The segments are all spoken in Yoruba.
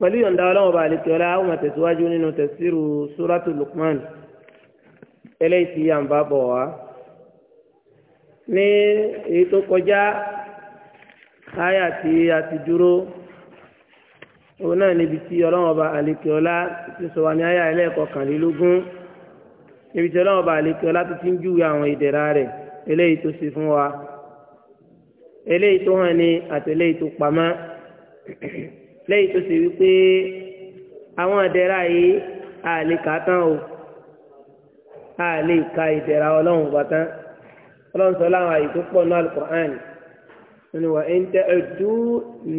pẹ̀lú yọ̀ǹda ọlọ́wọ́ bá àlejò ọlá àwọn àtẹ̀síwájú nínú tẹ̀síru suratu lukman eléyìí tí à ń bá bọ̀ wá. ní èyí tó kọjá káyà tí a ti dúró òun náà níbi tí ọlọ́wọ́ bá àlejò ọlá ti sọ wá ní àyà ẹlẹ́ẹ̀kọkànlélógún níbi tí ọlọ́wọ́ bá àlejò ọlá ti ti ń júwe àwọn ìdẹ̀ra rẹ̀ eléyìí tó ṣe fún wa eléyìí tó hàn ní àtẹ̀léyìí tó pamọ́ lẹ́yìn tó ṣe wípé àwọn àdẹ́rà yìí a lè kà tán o a lè ka ìdẹ̀ra ọlọ́run bá tán ọlọ́run sọ láwọn àyè tó pọ̀ ní alukur'an nínú wa in ta'uddu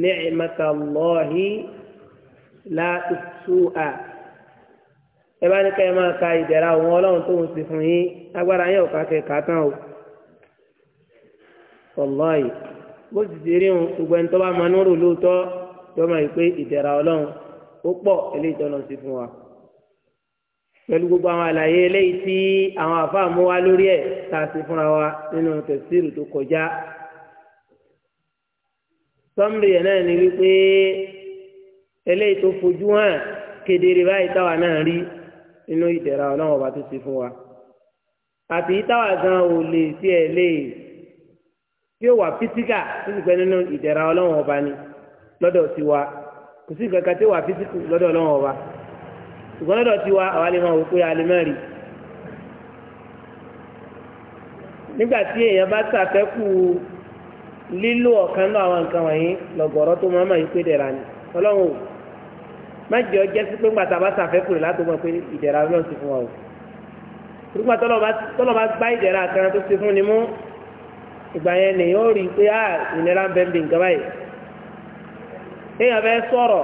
ni'matallahi la tuhsuha ẹ bá ní ká ẹ máa ka ìdẹ̀ra òun ọlọ́run tó ń ṣe fún yín agbára yẹn ò ká kẹ kà tán o wàláyé bó ti ṣe rí òun gbogbo ẹni tó bá mọ nírò lóòótọ́ yọ máa yí pé ìdẹ̀ra ọlọ́run ó pọ̀ eléyìí tọ́nà sí fún wa pẹ̀lú gbogbo àwọn àlàyé eléyìí tí àwọn àfáà mú wá lórí ẹ̀ tá a sì fúnra wa nínú tẹ̀síìrù tó kọjá sọ́mùrì yẹn náà ni wípé eléyìí tó fojú hàn kedere báyìí táwa náà rí nínú ìdẹ̀ra ọlọ́run ọba tó sì fún wa àti táwa gan ò lè tiẹ̀ lè tí ó wà físíkà tó sì pẹ́ nínú ìdẹ̀ra ọlọ́run ọba ni lọ́dọ̀ tiwa kò sí nǹkan kan tí wà físíkù lọ́dọ̀ ọlọ́run ọba ṣùgbọ́n lọ́dọ̀ tiwa àwa lè máa wò pé a lè má rí nígbà tí èèyàn bá ṣàfẹ́kù lílo ọ̀kan náà àwọn nǹkan wọ̀nyí lọ́gọ̀ọ̀rọ̀ tó máa máa yí pé dẹ̀ra ni ọlọ́run ò má jẹ́ ọjẹ́ sí pé gbàtà bá ṣàfẹ́kù rẹ̀ látò mọ̀ pé ìdẹ̀ra náà ti fún wa o nígbà tọ́lọ̀ bá gbá ìdẹ̀ra kan tó ti fún ni mú ìgbà yẹn nìyẹn ó rí i pé ah, ìnira ń bẹ́ẹ̀ bí nǹkan báyìí èèyàn fẹ́ sọ̀rọ̀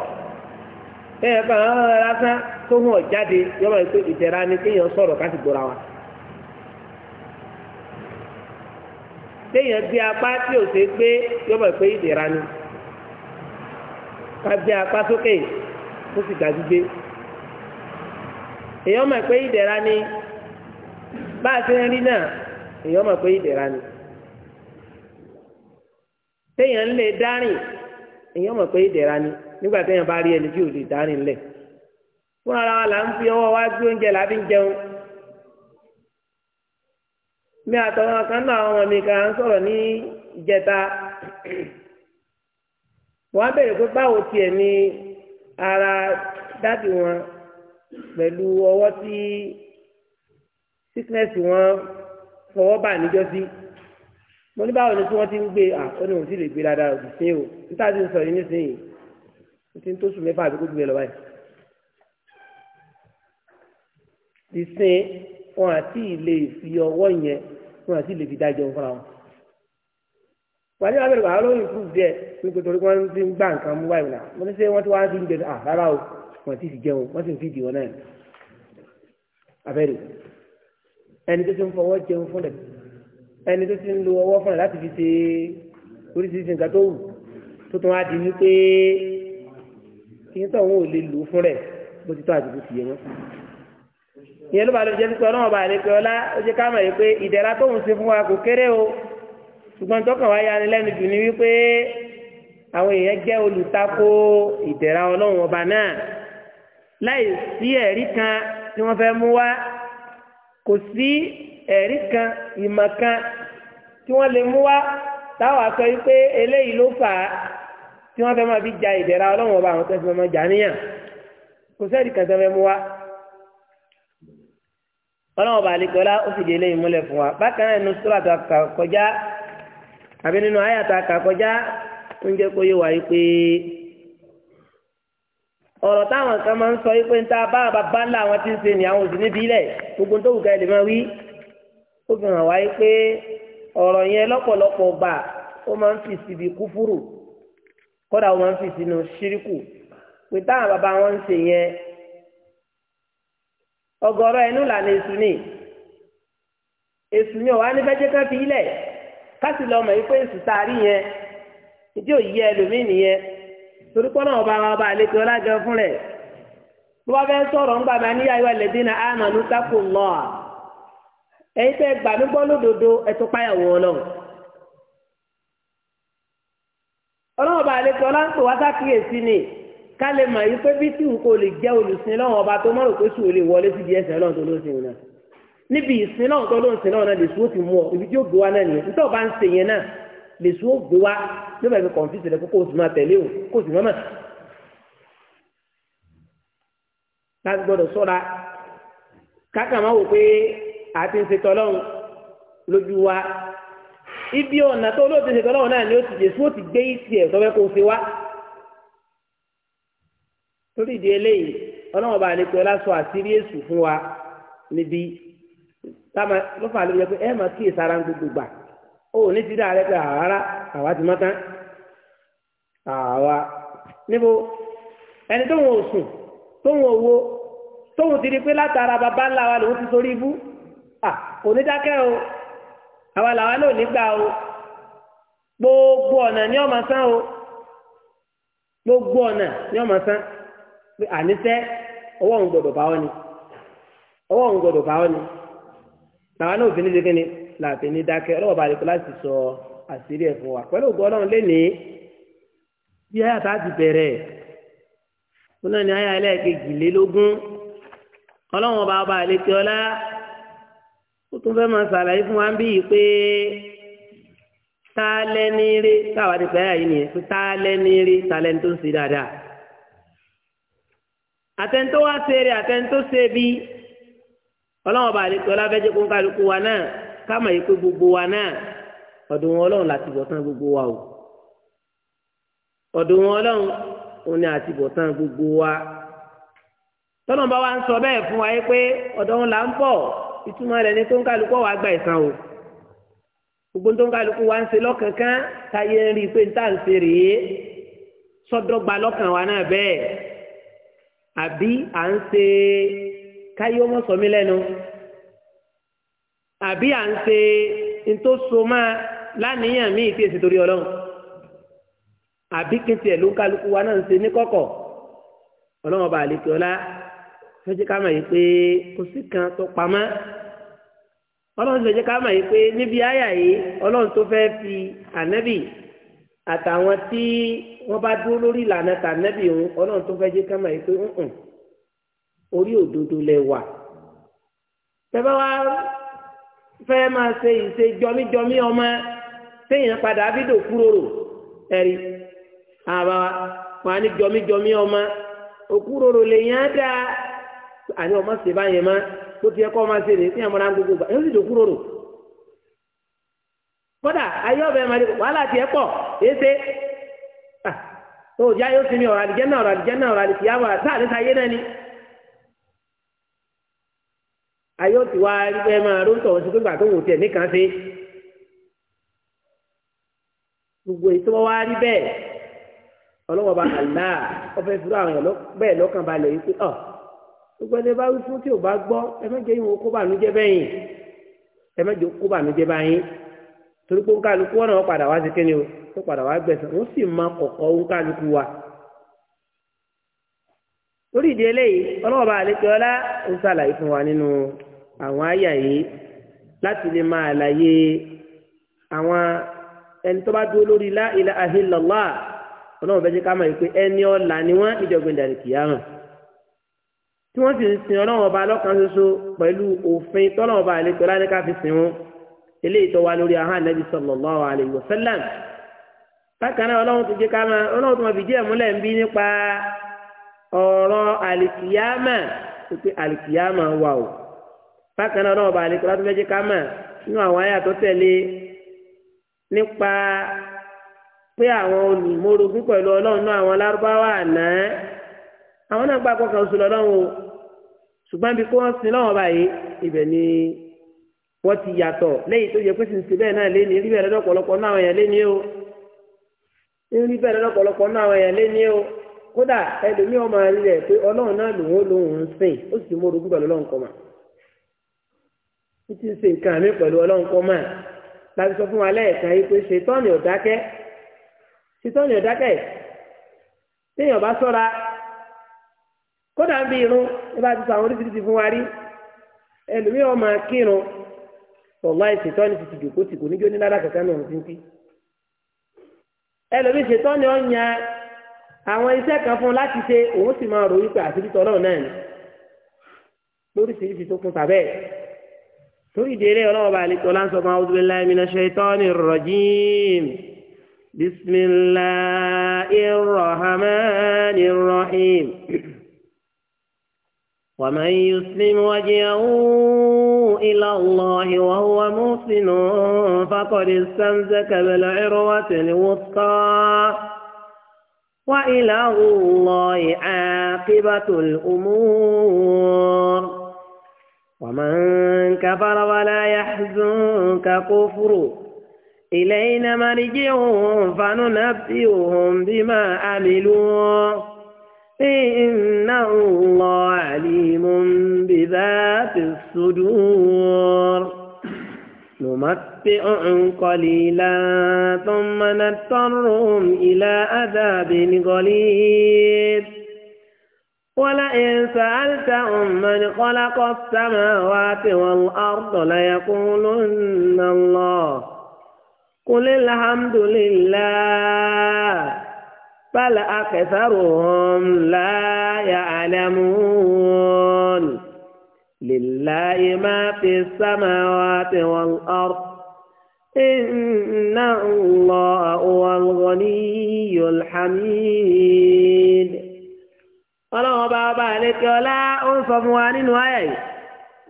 èèyàn fẹ́ hàn lásán tó hàn jáde yọ máa pé ìtẹ̀ra ni kéèyàn sọrọ káti gbọ́ra wa. téèyàn gbé apá tí ò ṣe gbé yọ pé ìtẹ̀ra ni ká gbé apá sókè kó sì ma gbé èèyàn mọ̀ pé ni bá a ṣe ń rí náà èèyàn mọ̀ pé ni téèyàn lè dárìn èèyàn mọ̀ pé ìdẹ̀ra ni nígbà téèyàn bá rí ẹni tí ò lè dá rìn lẹ̀ fúnra ara wa là ń fi ọwọ́ wá gbé oúnjẹ là á fi ń jẹun mi àtọ̀wọn kan náà àwọn ọmọ mi kan ń sọ̀rọ̀ ní ìjẹta wọ́n á pé báwo tiẹ̀ ni ara dádì wọn pẹ̀lú ọwọ́ tí sickness wọn fọwọ́ bà níjọ́ sí. Si mo ní báwo ni tí wọ́n ti ń gbé à ó òun sì lè gbé dáadáa òbí sí o níta ti ń sọ yìí nísìnyí ó ti ń tó sùn mẹ́fà àbí kó ju bẹ́ẹ̀ lọ báyìí. ìsìn wọn àti ilé ìfi ọwọ́ yẹn wọn àti ilé fi dájọ fúnra wọn. wàdí wàá bẹ̀rẹ̀ wàá lóyún fún díẹ̀ pé kò torí wọ́n ti ń gbà nǹkan mú báyìí náà mo ní sẹ́ wọ́n ti wá sí ń jẹun àrárá o wọ́n ti fi jẹun wọ́n sì ń fi dìwọ́n náà ẹni tó ti ń fọwọ́ jẹun fún rẹ̀ ẹni tó ti ń lo ọwọ́ fún ẹ láti fi ṣe oríṣiríṣi nǹkan tó wù tó tún wá di wípé kí n tọ̀hún ò lè lò fún rẹ̀ bó ti tọ́ àti bó ti ìyẹn ló bá lọ jẹ́ pípé ọlọ́run bá lè pe ọlá ó jẹ́ ká mọ̀ yìí pé ìdẹ̀ra tóun ṣe fún wa kò kéré o ṣùgbọ́n tọkàn wá yani lẹ́nu jù ni wípé àwọn èèyàn jẹ́ olùtakò ìdẹ̀ra ọlọ́run ọba náà láì sí ẹ̀rí kan tí wọ́n fẹ́ mú wá kò sí ẹ̀rí kan ìmọ̀ kan tí wọ́n lè mú wá táwọn aṣọ yìí pé eléyìí ló fà á tí wọ́n fẹ́ máa fi ja ìdẹ̀ra ọlọ́run ọba àwọn tó ń fi máa jà níyàn kò sẹ́ẹ̀dì kan tó fẹ́ mú wá ọlọ́run ọba àlekọ́lá ó fìdí eléyìí múlẹ̀ fún wa bákan náà nínú sọ́lá tó kà kọjá àbí nínú àyà tó kà kọjá ń jẹ́ kó yé wa yìí pé ọ̀rọ̀ táwọn kan máa ń sọ yìí pé ń ta bá bàbá ńlá àwọn tí ń ṣe ni àwọn òsì níbi ilẹ̀ gbogbo tó wù ká ẹ lè máa wí obìnrin fi hàn wáyé pé ọ̀rọ̀ yẹn lọ́pọ̀lọpọ̀ gbà ó máa ń fi síbi kúfúrù kódà ó máa ń fi sínú ṣíríkù pé táwọn bàbá wọn ń ṣe yẹn ọ̀gọ̀rọ̀ ẹnu lànà èṣù ni èṣù ni ọwọ anífẹjẹ fi ilẹ káṣí lọ mọ ìpè èṣù sáré yẹn ìdí nìyẹn torí ọba ọba àlejò ọlájọ fún bí ńgbà máa níyàwó ẹ̀yin tẹ́ gbà mí gbọ́ lódodo ẹ tún páyàwó ọlọ́run ọlọ́run ọba àlejò ọláńtò wá sákìyèsí ni ká lè mọ̀ yìí pé bí tí nǹkan ò lè jẹ́ olùsìn lọ́wọ́ ọba tó mọ̀rò pé sùn ò lè wọlé síbi ẹsẹ̀ ọlọ́run tó ló ń sìn náà níbi ìsìn náà tó ló ń sìn náà lè sùn ó ti mú ọ ibi tí ó gbé wa náà nìyẹn nítorí ọba ń sè yẹn náà lè sùn ó gbé wa ló bẹ̀rẹ̀ kọ̀ǹfìsì rẹ̀ kó kó o sì máa tẹ̀lé o kó o sì láti gbọ́dọ̀ sọ́ra káàkà máa wò pé àti ṣètò ọlọ́run lójú wa ibi ọ̀nà tó olóòtú ṣètò ọlọ́run náà ni ó ti jésù ó ti gbé ìsì ẹ̀ tọ́fẹ́ kó ṣe wá torí ìdí eléyìí ọlọ́run bá àlejò ọlá sọ àṣírí èṣù fún wa níbi táwọn ló fà lóye pé ẹ máa kíyè sára ń gbogbo gbà ó ní ti dáa rẹ pé àrárá àwa ti mọ́ tán àwa níbo ẹni tó wọn ò sùn tó wọn ò wo tóun ti di pé látara baba ńlá wa lòun ti sórí ibú à kò ní dákẹ́ o àwa làwa náà nígbà o gbogbo ọ̀nà ni ọmọ sán o gbogbo ọ̀nà ni ọmọ sán pé ọwọ́ òun gbọ́dọ̀ bá wọn ni ọwọ́ òun gbọ́dọ̀ bá wọn ni làwa náà òfin nídìí kíni làfin ní dákẹ́ ọlọ́wọ́ bá rí kíláàsì sọ àṣírí ẹ̀ fún wa pẹ̀lú ògbọ́ ọlọ́run lénìí bí ayé àtà ti bẹ̀rẹ̀ fúnà ní ayé alẹ́ kejìlélógún ọlọ́run ọba ọba àlejò ọlá ó tún fẹ́ máa ṣàlàyé fún wa ń bí yìí pé ta lẹ́ni rí táwa ti pẹ́ àyè nìyẹn pé ta lẹ́ni rí ta lẹ́ni tó ń ṣe dáadáa àtẹ̀ntó wá ṣe eré àtẹ̀ntó ṣe bí ọlọ́wọ́n bá lè pẹ́ ọlábẹ́jẹ́ kó ń kálukú wa náà káàmọ̀ yìí pé gbogbo wa náà ọ̀dọ̀ wọn ọlọ́run láti bọ̀ tán gbogbo wa o ọ̀dọ̀ wọn ọlọ́run òun ni àti bọ̀ tán gbogbo wa tọ́lọ́mọba wa ń sọ bẹ́ẹ̀ fún wa yìí pé ọ̀dọ̀ wọn là ń bọ̀ ìtumọ̀ rẹ̀ ni tó ń kálukú wàá gba ìsan o gbogbo tó ń kálukú wàá ń ṣe lọ́kànkán táyé ń rí i pé ń tà ń ṣe rèé sọ́dọ́gba lọ́kàn wa náà bẹ́ẹ̀ àbí à ń ṣe káyé ọmọ sọmí lẹ́nu àbí à ń ṣe ntòsọmọ láníyàn míì tí èsì torí ọlọ́run àbí kí n ló ń kálukú wa náà ń ṣe ní kọ̀kọ̀ ọlọ́run ọba àlekè ọlá tó jẹ́ ká mọ̀ yìí pé kò sí kan tó pamọ́ ọlọ́run tó jẹ́ ká mọ̀ yìí pé níbi àyà yìí ọlọ́run tó fẹ́ fi ànẹ́bì àtàwọn tí wọ́n bá dúró lórí ìlànà tànẹ́bì òun ọlọ́run tó fẹ́ jẹ́ ká mọ̀ yìí pé ǹǹ orí òdodo lẹ wà tẹ́fẹ́ wá fẹ́ máa ṣe ìṣe jọmíjọmí ọmọ téèyàn padà bídò kúròrò ẹ̀rí àbá wọn á ní jọmíjọmí ọmọ òkúròrò lèèyàn dáa àní ọmọ ṣe báyẹn má bó ti yẹ kọ́ ọmọ ṣe rè ní àmọ́ra gbogbo gbà yóò sì dòkú rorò kódà ayé ọbẹ̀ máa dé wàhálà tiẹ̀ pọ̀ èsè ó jẹ́ ayé ó sinmi ọ̀rọ̀ àdìjẹ́ náà ọ̀rọ̀ àdìjẹ́ náà ọ̀rọ̀ àdìjẹ́ náà sáà ní sáyé náà ni ayé ó ti wá ẹ máa ló ń tọ̀ sí pé gbà tó wò tiẹ̀ níkan gbogbo èyí tó rí bẹ́ẹ̀ ọlọ́wọ́ bá àlá ọbẹ̀ fúra bẹ́ẹ̀ lọ́kàn balẹ̀ yìí pé ọ̀ gbogbo ẹni bá wí fún tí ò bá gbọ́ ẹ mẹ́jọ yìí wọn kó bànújẹ́ bẹ́yìn ẹ mẹ́jọ kó bànújẹ́ báyìí torí pé nkálukú wọn náà padà wá sí kíni o wọn padà wá gbẹ̀sán wọn sì máa kọ̀kọ́ nkálukú wa. lórí ìdí eléyìí ọlọ́wọ́ bá àlejò ọlá ń ṣàlàyé fún wa nínú àwọn àyà yìí láti lè máa àlàyé àwọn ẹni tó bá dúró lórí la ilaha illallah ọlọ́wọ́ bẹ́ẹ̀ jẹ́ ká máa yìí pé ẹni ọ̀la ni wọ́n ìjọba ìdàrí kìí tí wọ́n sì ń sin ọlọ́run ọba lọ́kàn ṣoṣo pẹ̀lú òfin tọ́lọ́run ọba àlejò láníká fi sìn wọn eléyìí tó wá lórí ahọ́n ànábì sallallahu alaihi wasallam bákan náà ọlọ́run tó jẹ́ ká máa ọlọ́run tó máa fi díẹ̀ múlẹ̀ ń bí nípa ọ̀rọ̀ àlìkìyámà pé àlìkìyámà wà o bákan náà ọlọ́run ọba àlejò láti fẹ́ jẹ́ ká máa nínú àwọn àyà tó tẹ̀lé nípa pé àwọn olùmọ̀rògún pẹ̀lú ọlọ́run náà àwọn lárúbáwá àná àwọn náà gbàgbọ́ kan oṣù lọ́lọ́run o ṣùgbọ́n bí kò wọ́n sin lọ́wọ́ báyìí ibẹ̀ ni wọ́n ti yàtọ̀ lẹ́yìn tó yẹ pé sìn sí bẹ́ẹ̀ náà lé ní rí bẹ́ẹ̀ náà àwọn èèyàn lé ní o rí bẹ́ẹ̀ lọ́pọ̀lọpọ̀ náà àwọn èèyàn lé ní o kódà ẹlòmíì ọmọ rẹ rẹ pé ọlọ́run náà lòun ó lòun ń sìn ó sì mú orogún pẹ̀lú ọlọ́run kọ́mà láti sọ fún ẹ bá ti sọ àwọn oríṣiríṣi fún wa rí ẹlòmíì wọn máa kírun wàláì ṣètọ́ni ti ti jòkó tì kò níjó ní ládàá kankan náà títí ẹlòmíì ṣètọ́ni ọ̀nya àwọn iṣẹ́ kan fún láti ṣe òun sì máa rò wípé àtìrítọ́ náà náà ni lóríṣiríṣi tó kún tàbẹ́ torí ìdérè ọlọ́wọ́ bá àlejò láǹsọ̀ kan ọdún bẹ́ẹ̀ láìmí náà ṣètọ́ni rọ̀jìm bismillahir rahmanir rahim. ومن يسلم وجهه إلى الله وهو محسن فقد استمسك بالعروة الوثقى وإلى الله عاقبة الأمور ومن كفر ولا يحزنك كفر إلينا مرجعهم فننبئهم بما عملوا إن الله عليم بذات الصدور نمتعهم قليلا ثم نضطرهم إلى عذاب غليظ ولئن سألتهم من خلق السماوات والأرض ليقولن الله قل الحمد لله bala akẹsàrùhùn láyà àlẹmùún lìláyé má fi sámà wá ti wọn ọr inna allah wal ghaniyul hamid ọlọ́wọ́n bá bá àlékè ọlá ó ń sọ fún wa nínú ayé yìí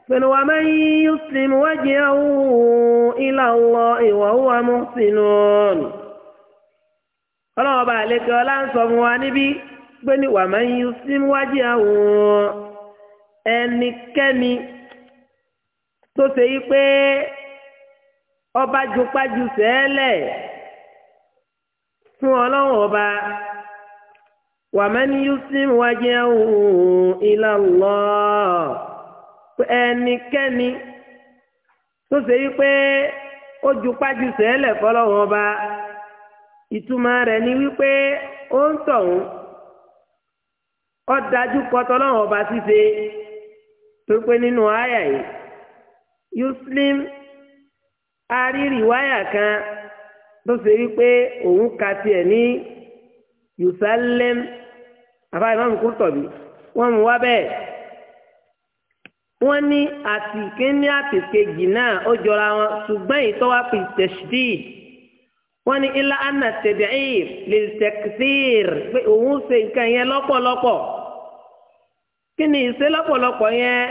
pẹ̀lú wa man yuslim wajhahu ila allah wa huwa muhsinun ọlọ́run ọba àlejò ọlá ń sọ fún wa níbí pé ní wà máa ń yí síwájú àwọn ẹnikẹ́ni tó ṣe yí pé ọba jupájú sẹ́ẹ̀lẹ̀ fún ọlọ́run ọba wà máa ń yí síwájú àwọn ilá lọ ẹnikẹ́ni tó ṣe yí pé ó jupájú sẹ́ẹ̀lẹ̀ fọlọ́run ọba ìtumọ̀ rẹ̀ ni wípé ó ń tọ̀hún ó dájú kọ́tọ́ lọ́wọ́ ọba ṣíṣe tó pé nínú àyà yìí yuslim arírì wáyà kan tó ṣe wípé òun ka tiẹ̀ ní yusalem àbá ìmọ̀ mú kó tọ̀bí wọ́n mú wá bẹ́ẹ̀ wọ́n ní àtìkéní àtìkejì náà ó jọra wọn ṣùgbọ́n ìtọ́wá fi wọ́n ní ilá anna tẹ̀dẹ̀ẹ́r lè tẹ̀kísìr pé òun ṣe nǹkan yẹn lọ́pọ̀lọpọ̀ kí ni ìṣe lọ́pọ̀lọpọ̀ yẹn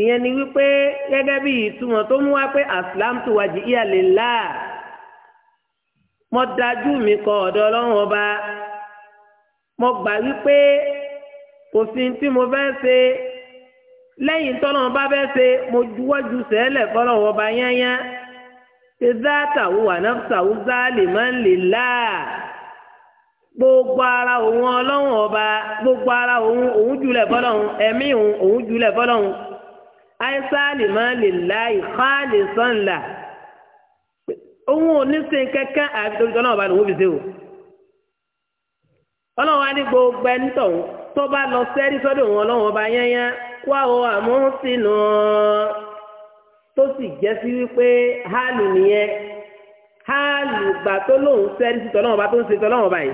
ìyẹn ni wípé gẹ́gẹ́ bí ìtumọ̀ tó mú wá pé aslam tó wájú ìyàlélá mo dájú mi kọ ọ̀dọ̀ ọlọ́run ọba mo gbà wípé òfin tí mo fẹ́ ṣe lẹ́yìn tọ́lọ́run bá fẹ́ ṣe mo juwọ́ ju sẹ́lẹ̀ fọ́lọ́run ọba yányán ṣe záàtàwù ànáfsàwù záàlì máa ń lè láà gbogbo ara òun ọlọ́run ọba gbogbo ara òun òun jùlẹ̀ fọlọ́run ẹ̀mí òun òun jùlẹ̀ fọlọ́run àìsáàlì máa ń lè láì fáàlì sọ́nla òun ò ní sin kankan àbí torí ọba lòun fi ṣe o ọlọ́run wa ní gbogbo ẹni tọ̀hún tó bá lọ sẹ́rí sọ́dọ̀ òun ọlọ́run ọba yẹ́nyẹ́ wá o àmúhùn sínú ọ́n. tó sì jẹ́ sí wípé háàlù nìyẹn háàlù gbà tó lóun sẹ́rí sí tọ́lọ́wọ́n bá tó ń ṣe tọ́lọ́wọ́n báyìí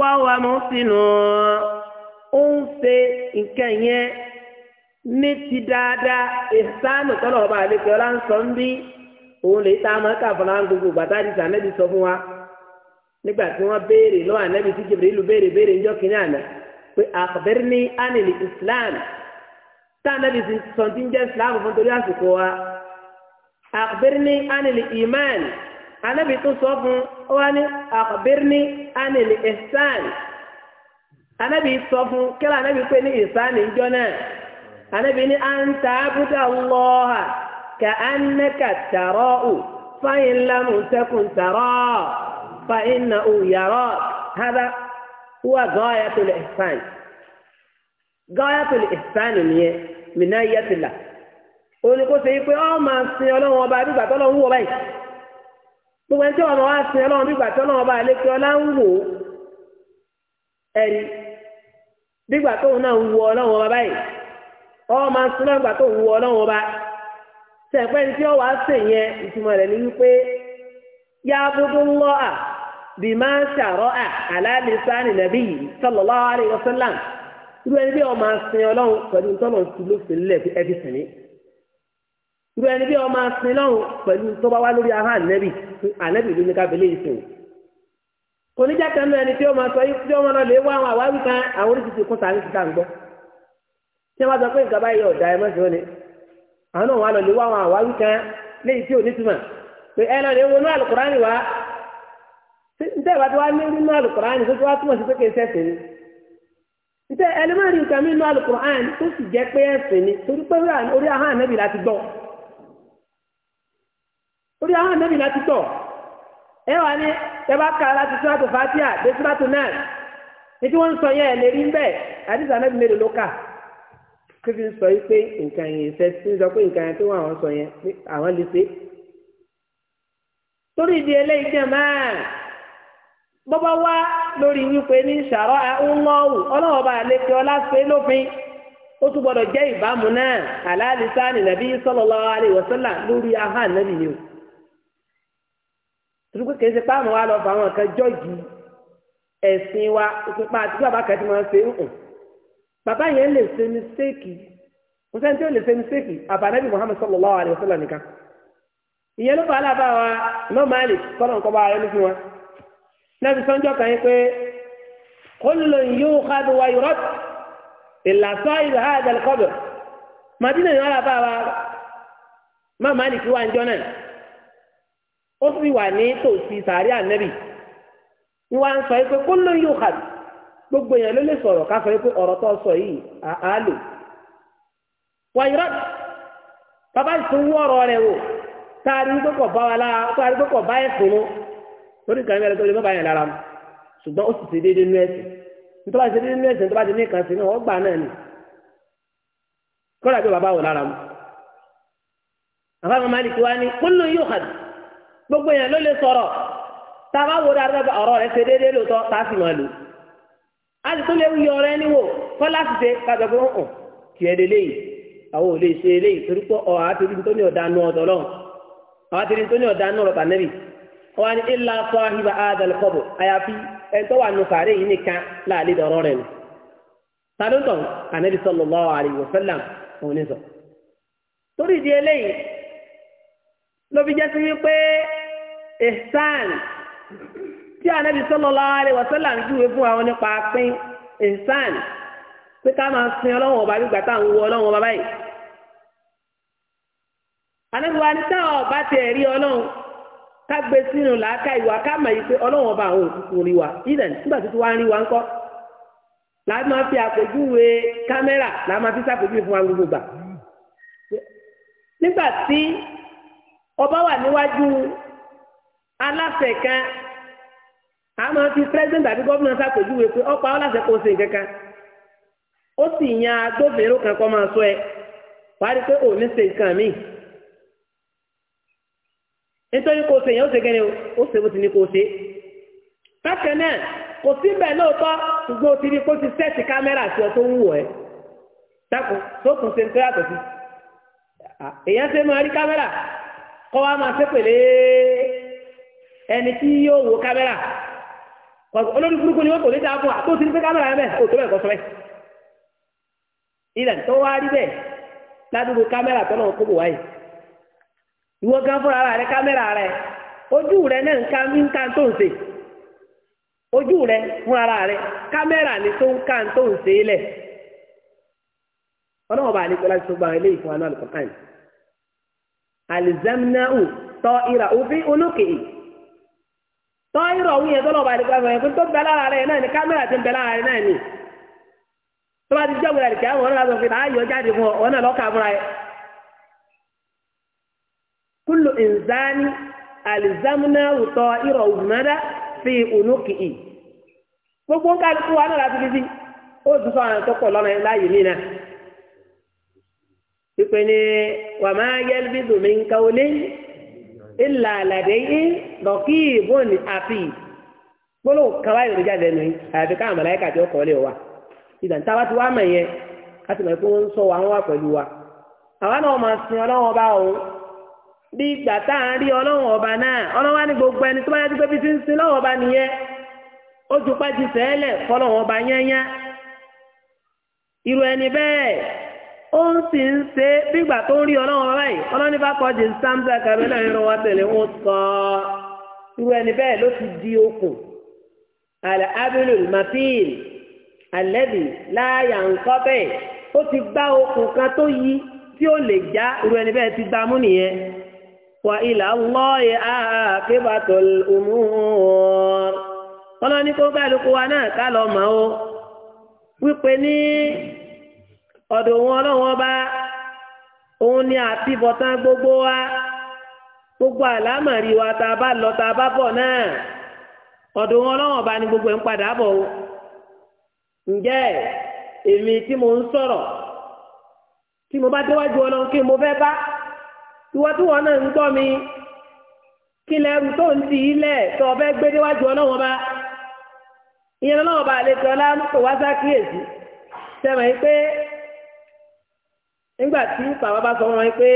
wá wa mọ́ sínú ó ń ṣe nǹkan yẹn ní ti dáadáa ìsánù tọ́lọ́wọ́n bá ọlá ń sọ ń bí òun lè ta àmọ́ káfọ́nà gbogbo gbàtà di sọ fún wa nígbà tí wọ́n béèrè lọ́wọ́ béèrè béèrè ńjọ́ àná pé tánàbí sọ̀tí ń jẹ́ islam fún torí àsìkò wa àkùbẹ́rẹ́ni ánìlì imán anábì tó sọ fún ọ wá ní àkùbẹ́rẹ́ni ánìlì ihsan anábì sọ fún kílà anábì pé ní ihsan ìjọ náà anábì ní à ń ta abúdá lọ́ha kà á ní ká tàrọ́ ò fáyín lámù sẹ́kùn tàrọ́ fáyín na ò yàrá hada wúwa gáyàtò lè ihsan gáyàtò lè ihsan nìyẹn. mina yíyá ti là ó ní kó ṣe sin ọba àbígbà tó lọ́run wò báyìí gbogbo ẹni tí wọn máa sin ọba àlékè ọlá ń wò náà ń ọba báyìí ọma sin ọba tí yẹn wípé yá gbogbo ń lọ́ à bìí máa ń ṣàrọ́ à àlá lisani nàbí yìí irú ẹni bí ó máa sin ọlọ́run pẹ̀lú tọ́lọ̀ ń sin lófin lẹ̀ fi ẹbí sìn ní irú ẹni bí ó máa sin ọlọ́run pẹ̀lú tó wá lórí ló ní kábẹ́lẹ́ ìsìn kò ní jákè ẹni tí ó sọ yìí tí ó máa lè wá àwọn kan àwọn oríṣiríṣi kún ti tí wọ́n sọ pé nǹkan ọ̀dà ẹ àwọn lè wá àwọn títẹ ẹlẹ́mọ̀rin nǹkan mi nínú alukur'an tó sì jẹ́ pé ẹ̀sìn ni torí pé orí ahọ́n ànábì láti gbọ́ orí ahọ́n ànábì láti tọ̀ ẹ wà ní ẹ bá ka láti sọ́nàtò fatia dé sọ́nàtò náà ní tí wọ́n ń sọ yẹn ẹ̀ lè rí bẹ́ẹ̀ àdìsí ànábì mélòó ló kà kébí ń sọ pé nǹkan yẹn fẹ́ sí ń sọ pé nǹkan yẹn tó wà wọ́n sọ yẹn àwọn lè ṣe torí ìdí eléyìí jẹ́ máa. bọ́bá wá lórí wípé ní sàrọ́ ńlọ́wù ọlọ́wọ́ bá lè fi ọlá pé lófin ó tún gbọdọ̀ jẹ́ ìbámu náà aláàlísá ni nàbí sallallahu lórí ahá nàbí ni o. torí pé ṣe páàmù wa lọ fáwọn kan jọ́ọ̀gì ẹ̀sìn wa ìpínpá àti bàbá kan ti máa ṣe ń hàn. bàbá yẹn lè ṣe sẹ́ni tí ó lè ṣe lẹ́bi sọ́njọ́ kan yín pé kólúlò yóò kábi wa yọ̀rọ̀ ìlàsọ́ ìlú ha àdàlẹ́ kọ́bẹ̀ màdínà yìí wọ́n rà bá wa máàmá nìkú wa ń jọ náà ó sì wà ní tòsí sàárì ànẹ́bì ń wá ń sọ yìí pé kólúlò yóò kábi gbogbo yẹn ló lè sọ̀rọ̀ ká sọ yìí pé ọ̀rọ̀ tó sọ yìí àá lò wa yọ̀rọ̀ bàbá ìsúnwó ọ̀rọ̀ rẹ̀ wò táàrí pé kò bá wa lára táàrí lórí nǹkan mẹ́rin tó lè mọ́ba yẹn lára mu ṣùgbọ́n ó sì ṣe déédéé nú ẹ̀sìn nítorí bá ṣe déédéé nú ẹ̀sìn tó bá ti ní ìkànsí náà wọ́n gbà náà nì kọ́ra bí bàbá wò lára mu. àbá mi máàlì tiwa ni kúlù yóò hàn gbogbo yẹn ló lè sọ̀rọ̀ tá a bá wò dáadáa bá ọ̀rọ̀ rẹ̀ ṣe déédéé lóòótọ́ tá a sì máa lò. a sì lè wí ọ̀rọ̀ ẹni wò kọ́ ṣe kájọ pé hàn tiẹ̀ wọn ni ilà sọ́hìbà àdàlùkọ́bù àyàfi ẹ̀tọ́ wà nù sàárè yìí nìkan láàlè dọ̀rọ̀ rẹ̀ nù. sàdúntàn ànábì sallallahu alaihi wasallam òun ní sọ. torí ìdí eléyìí ló fi jẹ́ sí wípé ihsan tí ànábì sallallahu alaihi wasallam júwe fún àwọn nípa pín ihsan pé ká máa sin ọlọ́wọ́n ọba gbígbà táwọn wọ ọlọ́wọ́n ọba báyìí. ànábì wa ní táwọn ọba ká gbé sínú làákà ìwà ká mọ̀ yìí pé ọba àwọn òkùnkùn rí wa ilẹ̀ nígbà tó ti wá ń rí wa ńkọ́ la máa fi àpèjúwe kámẹ́rà la máa fi sàpèjúwe fún wa gbogbo gbà nígbà tí ọba wà níwájú aláṣẹ kan a máa fi àti sàpèjúwe pé ọ̀pá kò sí nítorí kò ṣe yẹn ó ṣe gẹ́gẹ́ o ó ṣe bó ti ní kò ṣe. bákan náà kò sí bẹ́ẹ̀ lóòótọ́ ṣùgbọ́n o ti rí kó ti sẹ́ẹ̀tì kámẹ́rà sí ọ tó ń wù ẹ́ dákun sókun ṣe ń tó yàtọ̀ sí. èèyàn ṣe máa rí kámẹ́rà kọ́ wa máa ṣe pèlè ẹni tí yóò wo kámẹ́rà olórí burúkú ni wọn kò ní ta fún wa tó ti ní pé kámẹ́rà yẹn bẹ́ẹ̀ o tó bẹ́ẹ̀ kọ́ sọ bẹ́ẹ̀. ìlànà tó wá rí bẹ́ẹ̀ ládùúgbò kámẹ́rà tọ́lọ́ ìwọ gan fúnra rẹ kámẹ́rà rẹ ojú rẹ náà ń ka ń ka tó ń ṣe ojú rẹ fúnra rẹ kámẹ́rà ni tó ń ka tó ń ṣe lẹ̀ ọlọ́wọ́ bá a ní kọ́lá tó gba ilé ìfún aná àlùkò káyìn alizamnau tọ́ ìrà òfin olókè tọ́ òun yẹn tọ́lọ́wọ́ bá a ní kọ́lá tó tó rẹ náà ni kámẹ́rà ti rẹ náà ni kúlù ìnzáni àlìzámúná wùtọ́ ìrọ̀ ògùnmọ́dá fi ònúkì ì. gbogbo ń kájú wa náà láti fi ó ti sọ àwọn àtọ́kọ̀ lọ́nà láàyè mí náà. pípẹ́ ni wà máa yẹ bí dùnmí ń ka olé ìlà àlàdé yín lọ́kì ìbọn àfi gbólóhùn kan wáyé lójà lẹ́nu yìí àyàfi káwọn mọ̀láyíkà tí ó kọ́ lé wa. ìdàn táwa ti wá mọ̀ yẹn ká sì mọ̀ pé wọ́n ń wa wọ́n wa. àwa náà máa sin ọlọ́wọ́n bá òun bí ìgbà tá à rí ọlọ́run ọba náà ọlọ́wà ní gbogbo ẹni tó bá yájú pé bí ti ń sin lọ́wọ́ ọba nìyẹn ó ju pẹ́jì sẹ́ẹ̀lẹ̀ fọlọ́wọ́ ọba yányá irú ẹni bẹ́ẹ̀ ó ń sì ń ṣe bí tó ń rí ọlọ́run ọba yìí bá kọ́ jìn kàbí náà tẹ̀lé wọn sọ irú ẹni bẹ́ẹ̀ ló ti di okùn abilul ńkọ́ bẹ́ẹ̀ ó ti gbá okùn kan tó وإلى الله عاقبة الأمور ọlọ́ni kó gbàlùkù wa náà ká lọ mọ̀ ó wípé ní ọ̀dọ̀ òun ọlọ́run ọba òun ni àtibọ̀tán gbogbo wa gbogbo àlámọ̀rí wa a bá lọ ta a bá bọ̀ náà ọ̀dọ̀ gbogbo ẹ̀ ń padà bọ̀ o ǹjẹ́ èmi tí mo ń bá déwájú ọlọ́run ìwọ tí wọn náà ń gbọ́ mi kí lẹ́rù tó ń ti ilẹ̀ tó ọbẹ̀ gbé déwájú ọlọ́wọ́n bá ìyẹn ọlọ́wọ́n bá àlejò ọlá kò wá sákìyèsí sẹ́wọ̀n yìí pé nígbà tí bàbá bá sọ wọn pé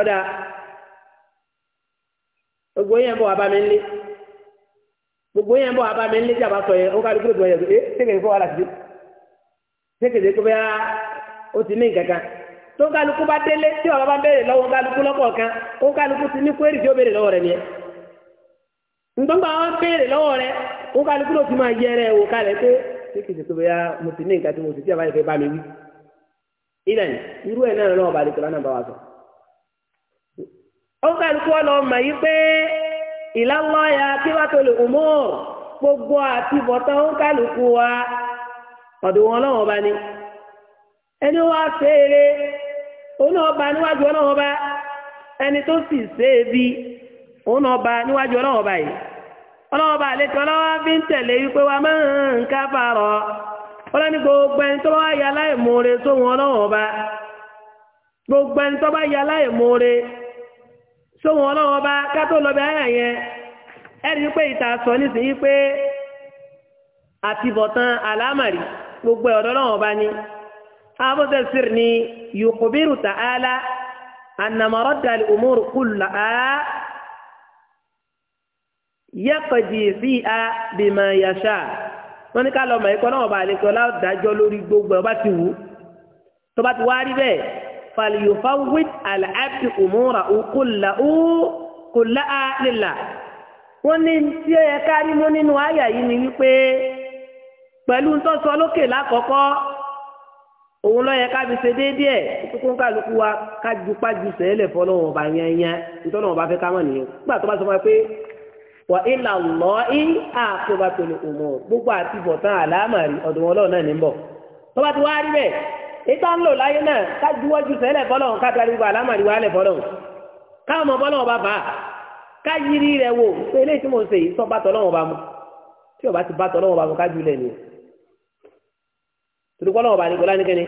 ọ̀dà gbogbo yẹn bọ̀ wá bá mi ń lé gbogbo yẹn bọ̀ wá bá tí a bá sọ yẹn ó ká lóko lóko yẹn ẹ ṣé kèké fún wa kó bẹ́ẹ̀ ó ti ní nǹkan tó ń bá délé tí ọ̀rọ̀ bá béèrè lọ́wọ́ ń lọ́kọ̀ọ̀kan ó ń ti ní kwérì tí ó béèrè lọ́wọ́ rẹ̀ nìyẹn ntọ́gbà wọn béèrè lọ́wọ́ rẹ̀ ó ń ló ti máa yẹ wò kálẹ̀ pé ṣé tó mo ti ní nǹkan tí mo tí a bá yẹ fẹ́ bá mi wí. ilẹ̀ irú ẹ̀ náà lọ́wọ́ bá wa sọ. ya kí wàá tó lè ẹni òun ọba n'iwaju níwájú ọlọ́wọ́ ẹni tó sì ṣe òun náà níwájú ọlọ́wọ́ bá yìí ọlọ́wọ́ bá àlejò ọlọ́wọ́ fi wa máa ń ọlọ́ni gbogbo ẹni tó bá yà láìmoore gbogbo ẹni tó bá yà láìmoore sóhun ọlọ́wọ́ bá kátó lọ ayà yẹn ẹni ìta sọ gbogbo ẹ̀ أبو تفسيرني يخبر تعالى أن مرد الأمور كلها يقضي فيها بما يشاء wọ́n ní ká lọ́ọ́ mọ̀ ẹ́kọ́ náà ọba àlejò ọlọ́dàájọ́ lórí gbogbo ọba ti wù ú tó bá ti wá rí bẹ́ẹ̀ fàlìyòfà wíìt àlàáfíì òmùra òkúlà òkúlà àlèlà wọ́n ní tí ẹ kárí mú nínú àyà yìí ni wípé pẹ̀lú ntọ́sọ lókè lákọ̀ọ́kọ́ òun lọ yẹ kábi ṣe déédéé kókó kálukú wa kájú pájú sẹ́lẹ̀ fọlọ́wọ́n ọba yẹnyẹn nítorí wọn bá fẹ́ káwọn nìyẹn nígbà tó bá sọ fún wa pé wà ilà lọ í àkóbá pẹ̀lú òmò gbogbo àti bọ̀tán àlámàrí ọ̀dùn wọn lọ́wọ́ náà ní bọ̀ tó bá ti wá rí bẹ́ẹ̀ ìta ń lò láyé náà kájú wọ́jú sẹ́lẹ̀ fọlọ́wọ́n kábíyá gbogbo àlámàrí wa lẹ̀ fọlọ́wọ́n káwọn ọmọ fọlọ́wọ́n bá bàá káyiri rẹ̀ wò pé eléyìí tí mo ń ṣe yìí tọ́ bá tọ́lọ́wọ́n bá mu tí ò bá ti bá tọ́lọ́wọ́n bá mu kájú lẹ̀ nìyẹn torí kọ́lọ́wọ́ bá nígbà lánìkẹ́ni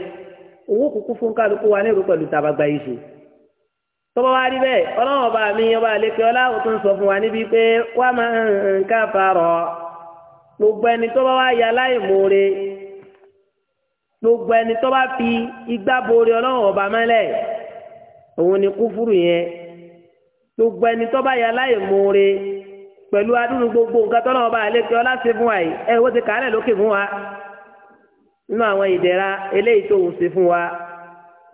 owó kúkú fún kálukú wa pẹ̀lú a gba yìí rí bẹ́ẹ̀ ọlọ́wọ́ bá mi ọba àlekè ọlá ò tún sọ fún wa níbi pé wà máa ń gbogbo ẹni ya láì gbogbo ẹni tọ́ba fi igbá ọba mẹ́lẹ̀ òun ni ya láì mòore pẹ̀lú adúlù gbogbo nǹkan bá ọlá ṣe fún wa yìí nínú àwọn ìdẹ̀ra eléyìí tó ń ṣe fún wa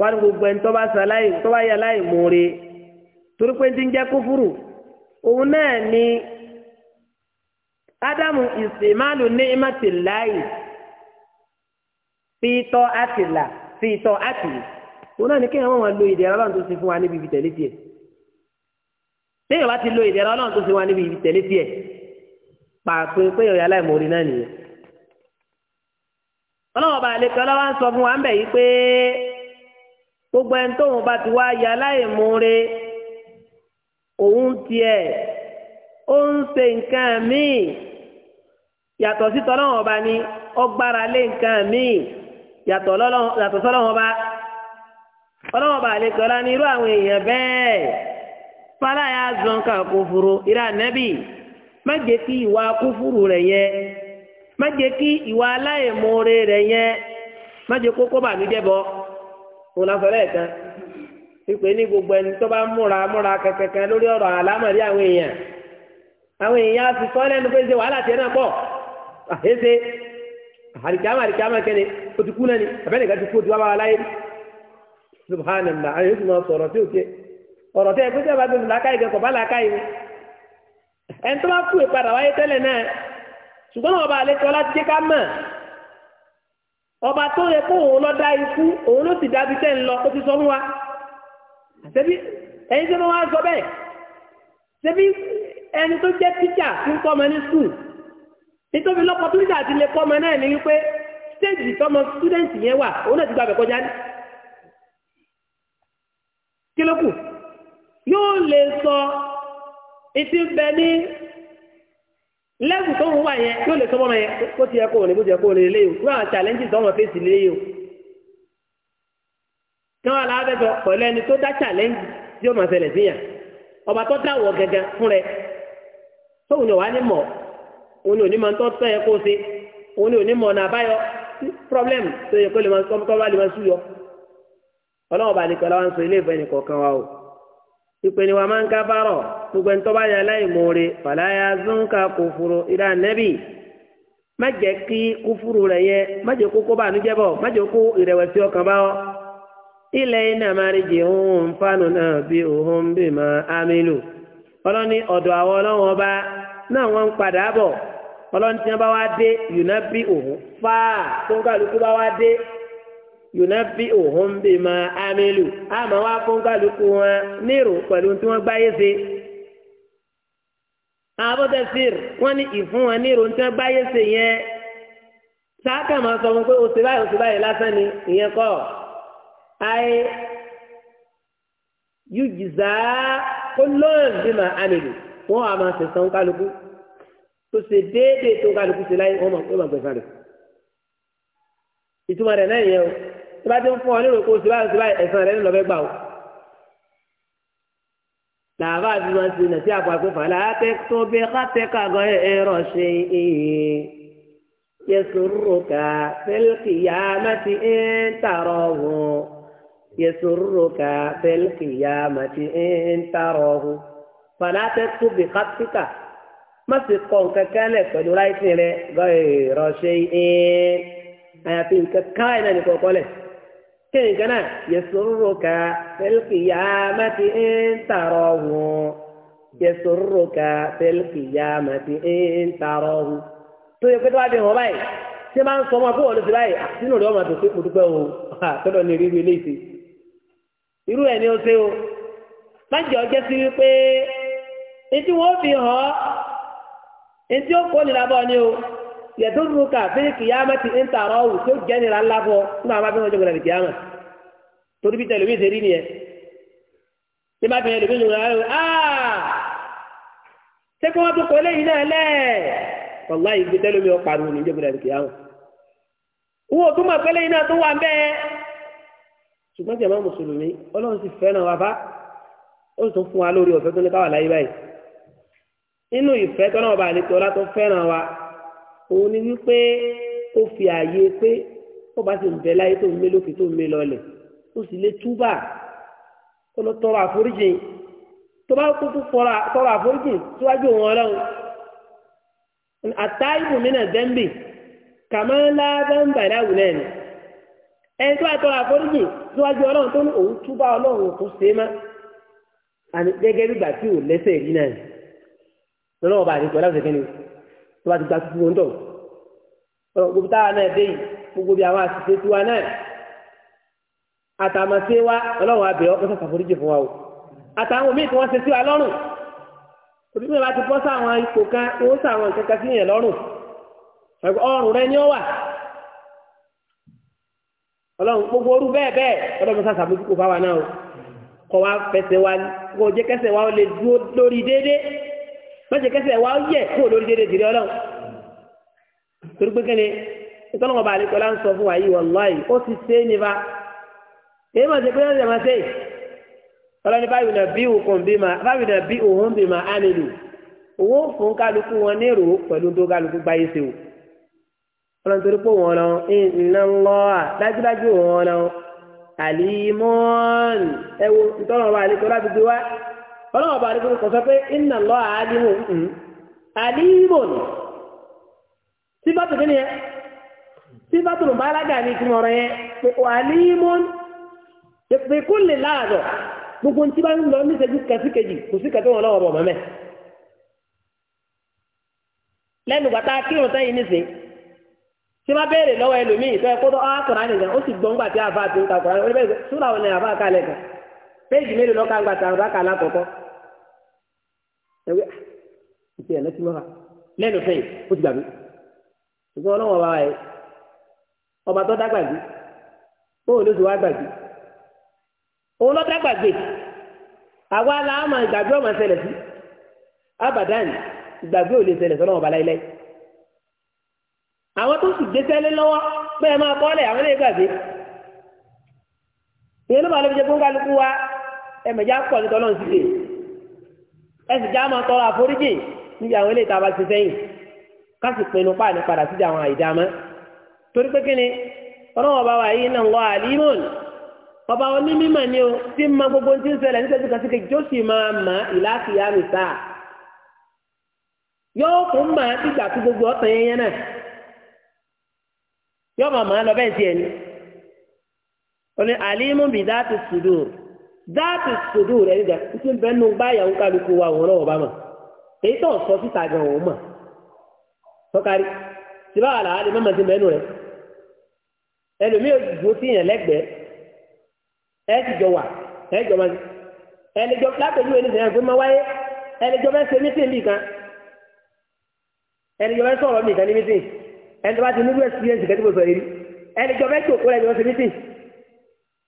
wá ní gbogbo ẹni tó bá sa láì tó bá yẹ láì múre torí pé ti ń jẹ́ kúfúrù òun náà ni ádámù ìsèmálù ní ìmọ̀tìláì fi tọ́ àtìlà fi tọ́ àtìlì òun náà ni kéèyàn wọn lo ìdẹ̀ra ọlọ́run tó ṣe fún wa níbi ìfìtẹ̀lé tiẹ̀ téèyàn bá ti lo ìdẹ̀ra ọlọ́run tó ṣe fún wa níbi ìfìtẹ̀lé tiẹ̀ pàpẹ́ pé ọ̀yà láì múre náà nìyẹn ọlọ́wọ́n bá lè kọ́ lọ́wọ́ ń sọ fún wa ń bẹ̀ yí pé gbogbo ẹni tóun bá ti wá ya láì múre òun tiẹ̀ ó ń ṣe nǹkan míì yàtọ̀ sí tọ́lọ́wọ́n bá ní ọgbára lé nǹkan míì yàtọ̀ sọ́lọ́wọ́n bá ọlọ́wọ́n bá lè kọ́ irú àwọn èèyàn bẹ́ẹ̀ fọláyà zọǹkà kúfúrú ìrà nẹ́bì má jẹ́ kí ìwà kúfúrú rẹ̀ yẹ. má jẹ́ kí ìwà aláìmoore rẹ̀ yẹn má jẹ́ kókó bà mí jẹ́ òun la sọ̀rọ̀ ẹ̀ kan ìpè ní gbogbo ẹni tó bá múra múra kẹkẹkẹ lórí ọ̀rọ̀ àlámọ̀rí àwọn èèyàn àwọn èèyàn á fi sọ lẹ́nu pé ṣe wàhálà tiẹ̀ náà pọ̀ àhẹ́sẹ́ kẹ́ni ti kú náà ni ti kú bá wa láyé subhanallah àyè náà sọ̀rọ̀ tí ọ̀rọ̀ tẹ́ ẹ pé tí a bá gbèsè kẹ́kọ̀ọ́ bá ṣùgbọ́n ọba àlejò láti jẹ́ ká mọ̀ ọba tó yẹ kó òun lọ dá ikú òun ló sì dábí tẹ́ ń lọ ó ti sọ fún wa àtẹ́bí ẹ̀yin tí wọ́n wá sọ bẹ́ẹ̀ ṣẹ́bí ẹni tó jẹ́ tíṣà fún kọ́mọ ní skul nítorí lọ́pọ̀ tíṣà ti lè kọ́mọ náà ní wípé stéèjì tọmọ stúdẹ̀ǹtì yẹn wà òun náà ti gbàgbẹ́ kọjá ní kílókù yóò lè sọ ìtì bẹ ní lẹ́gùn tó ń wà yẹn yóò lè sọ́mọ́ yẹn bó ti yẹ kó ní bó ti yẹ kó ní lé o wọ́n àwọn challenges ọmọ fèsì lé o kí wọ́n alábẹ́jọ pẹ̀lú ẹni tó dá challenge tí ó máa ṣẹlẹ̀ sí yàn ọba tó dáwọ̀ gẹ́gẹ́ fún rẹ tóun ni wà á ní mọ̀ òun ni onímọ̀ tó tọ́ yẹ kó ṣe òun ni onímọ̀ ọ̀nà àbáyọ problem tó yẹ kó lè máa sọ́mọ́ bá lè máa sú yọ ọlọ́wọ́ bá ní pẹ̀lú sọ ilé ìfẹ́ nìkan kan wa o. ìpèní wa máa ń kábàárọ̀ gbogbo ẹni tó bá yẹ láìmoore fàlàyà zunka kufuru ìdá nẹ́bì má jẹ́ kí kúfúrú rẹ̀ yẹ má jẹ́ kó kó bá ànújẹ́ bọ̀ má jẹ́ kó ìrẹ̀wẹ̀sì ọkàn bá ọ. ilẹ̀ iná máa rí jìn òun fánù náà bí òun bí mọ amílù ọlọ́ni ọ̀dọ̀ àwọn ọlọ́wọ́n bá náà wọ́n yunabi ohun bi ma amelu ama wa fún kálukú wọn nírò pẹ̀lú tí wọ́n gbáyé ṣe. abotafsir wọ́n ní ìfún wọn nírò tí wọ́n gbáyé ṣe yẹn sáàkà máa sọ fún pé o ti báyìí o ti báyìí lásán ni ìyẹn kọ́ ayé yújìzá olóòn bí ma amelu wọ́n a máa sẹ̀sán kálukú tó se déédéé tó kálukú se láyé wọ́n máa gbẹ̀sán rẹ̀ ìtumọ̀ rẹ̀ náà yẹ o tí bá ti ń fún ọ lérò kó síbáyé síbáyé ẹ̀sán rẹ̀ ńlọ fẹ́ gbà o. làbá àti wọn ti nàti àpò àpòfà látẹ tó bẹ kátẹ kàgọ ẹrọ ṣe iye yẹsùrùkà fẹlẹkìyà mẹtì ẹ ń tààrọ wọn yẹsùrùkà fẹlẹkìyà mẹtì ẹ ń tààrọ wọn fàlàtẹ tó bẹ kátìkà má ti kọ nǹkan pẹ̀lú láìsí rẹ gọ́ ẹ̀rọ ṣe iye àyàfi nǹkan káyìí náà nìkan kọ́lẹ̀ kéyìn kan náà yẹsùrù ka fẹlkìyàmẹtì ń tààrọ wọn yẹsùrù ka fẹlkìyàmẹtì ń tààrọ wọn. tó yẹ pé tó bá dé wọn báyìí ṣé máa ń sọ wọn pé wọn lè ṣe báyìí ah, sínú rẹ wọn máa tòṣe kó dúpẹ́ o ní ríru eléyìí irú ẹ̀ ni ó ṣe o má jẹ́ ọjọ́ sí wípé etí wọn fi hàn án etí ó kó nira ni o. yadurruka fil qiyamati in tarawu tó jẹ́nira ńlá fọ nígbà máa fi wọn jọgbọ̀n lẹ́nu kìyàmà torí bí tẹlifí tí aa ṣé kí wọ́n tún kọ́ lẹ́yìn náà lẹ́ ọ̀la ni tẹlifí ọ̀ pariwo ní jọgbọ̀n lẹ́nu kìyàmà wọ́n ò tún mọ̀ pé lẹ́yìn náà tó wà ń bẹ́ẹ̀ wa wa wa òun ni wípé ó fi ààyè pé ó bá ti ń bẹ láyé tó ń mé lókè tó ń mé lọlẹ̀ ó sì lè túbà kó lọ tọrọ àforíjì tó bá kó tó tọrọ àforíjì síwájú òun ọlọ́run àtàìbù mìíràn dẹ́mbì kàmáńlá dẹ́mbà ìdáhùn náà ni ẹni tó bá tọrọ àforíjì síwájú ọlọ́run tó ní òun túbà ọlọ́run kò ṣe é má gẹ́gẹ́ bí gbà tí ò lẹ́sẹ̀ rí náà lọ́wọ́ bá àdéjọ́ aláwọ̀ sẹ́kẹ́ni tó bá ti gba tuntun wọn tọ̀ gbogbo táwa náà dé yìí gbogbo bí àwọn àṣìṣe tiwa náà àtàmọ̀ṣe wa ọlọ́run abẹ́ ọkọ̀ sọ̀tà foríjì fún wa o àtàwọn míì tí wọ́n ṣe sí wa lọ́rùn òbí mi bá ti bọ́ sáwọn ipò kan owó sáwọn nǹkan kan sí yẹn lọ́rùn ọrùn rẹ ni ó wà ọlọ́run gbogbo orú bẹ́ẹ̀ bẹ́ẹ̀ ọlọ́run sàṣà bójú kò bá wa náà o kọ́ wa fẹsẹ̀ wa kó jẹ́ kẹsẹ̀ wa lè dúró lórí déédéé mọ́jẹ̀kẹsẹ̀ wa yẹ kó lórí dédé dìrẹ́ ọlọ́run torí pé kẹ́ni ìtọ́lọ́wọ́ bá àlekọ́lá ń sọ fún wa yìí wàláì ó ti ṣe é nípa èyí mà ṣe pé ó ṣe máa ṣe ọlọ́ni báyìí nà bí òkun bí mà báyìí nà bí òun bí mà ánìlù owó fún kálukú wọn nírò pẹ̀lú tó kálukú gbáyé ṣe o ọlọ́ni torí pé wọn lọ iná lọ́ à dájúdájú wọn lọ àlìmọ́ọ̀nù ẹ wo ìtọ́lọ́wọ́ bá àlekọ́lá ti gbé wá ọlọ́wọ́ bá rí kò sọ pé iná lọ àálímù ń àálímù ni tí bá tòkí nìyẹn tí bá bá alága ní ìtumọ̀ yẹn pé àálímù pé lè láàdọ̀ gbogbo tí bá ń lọ ní ìṣẹ́jú kò sí kẹsí wọn lọ́wọ́ bọ̀ mọ́mẹ́ lẹ́nu gbàtà sẹ́yìn tí béèrè lọ́wọ́ ẹlòmíì tó ẹ kó tó á ànìyàn ó sì tí a bá ti ń ta kọ̀ọ̀rọ̀ ànìyàn ó ní bẹ́ẹ̀ sùúrù àwọn ènìyàn bá kà ẹgbẹ́ ìṣe ẹ̀ lẹ́tí mọ́ra lẹ́nu fẹ́yìn ó ti gbàgbé ṣùgbọ́n ọba ẹ̀ ọba tó dá bóun ló ti wá gbàgbé òun ló dá àwa la ama ìgbàgbé ọmọ abadan ìgbàgbé ò lè ṣẹlẹ̀ sọ́nà ọba láíláí àwọn tó sì gbé sẹ́lẹ̀ lọ́wọ́ pé ẹ máa kọ́lẹ̀ àwọn ilé gbàgbé ìyẹn ló bá fi kó ń kálukú wa ẹsì já máa tọrọ àforíjì níbi àwọn ilé ìtaba ti sẹ́yìn kásì pinnu páàní padà síjà àwọn àìdámọ́ torí pé kíni ọlọ́wọ́ bá wà yìí náà lọ àlímọ́n ọba onímọ̀ ni o tí ń ma gbogbo ti ń ṣẹlẹ̀ nítorí kan síkè jósì máa mà ìlàkìyà mi sá yóò kún mà dìgbà tí gbogbo ọ̀tàn yẹn náà yóò mà mà lọ bẹ́ẹ̀ tiẹ̀ ni ó ní àlímọ́ bìdá ti sùdùrù dáàbì sòdò rẹ̀ nígbà títí bẹ́ẹ̀ nù báyà ń kálukú wa òun náà ọba mọ̀ èyí tó sọ síta gan òun mọ̀ tọ́kárí tí báwa làá lè mọ̀mọ́ sí mẹ́nu rẹ̀ ẹlòmíì òdìbò sí yẹn lẹ́gbẹ̀ẹ́ ẹ ti jọ wà ẹ jọ máa ẹlẹjọ lápẹjú ẹni sẹ́yìn fún ma wáyé ẹlẹjọ bẹ́ẹ̀ ṣe mítìn bì kan ẹlẹjọ bẹ́ẹ̀ sọ̀rọ̀ bì kan ní mítìn ẹni bá ti nílùú ẹ̀sìkẹ́sì kẹ́tí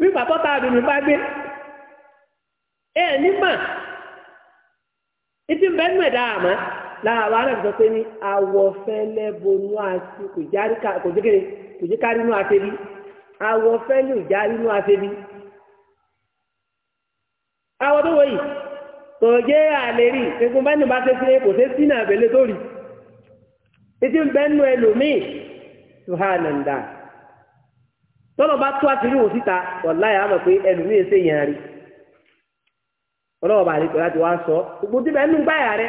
bí pàtọ́ta àdùnnú bá gbé ẹ nígbà ìdí bẹ́ẹ̀ mẹ́ta àmọ́ láàbá náà sọ pé ní awọ̀fẹ́lẹ́ bonú àti kò jẹ́kẹ̀rẹ́ kò jẹ́ kárí inú afẹ́bí awọ̀fẹ́lẹ́ ò járí inú afẹ́bí. awọ tó wọ yìí jẹ́ àlérí egun bẹ́ẹ̀ nù bá ṣe fi kò ṣe sí náà bẹ̀lẹ́ tó rí ìdí bẹ́ẹ̀ nù ẹlòmíì subhanallah. tọ́lọ̀ bá tó àṣírí wò síta wọ̀láyà á mọ̀ pé ẹlòmíì ṣe yẹn rí ọlọ́wọ́ bá sọ gbogbo tí bẹ́ẹ̀ ń rẹ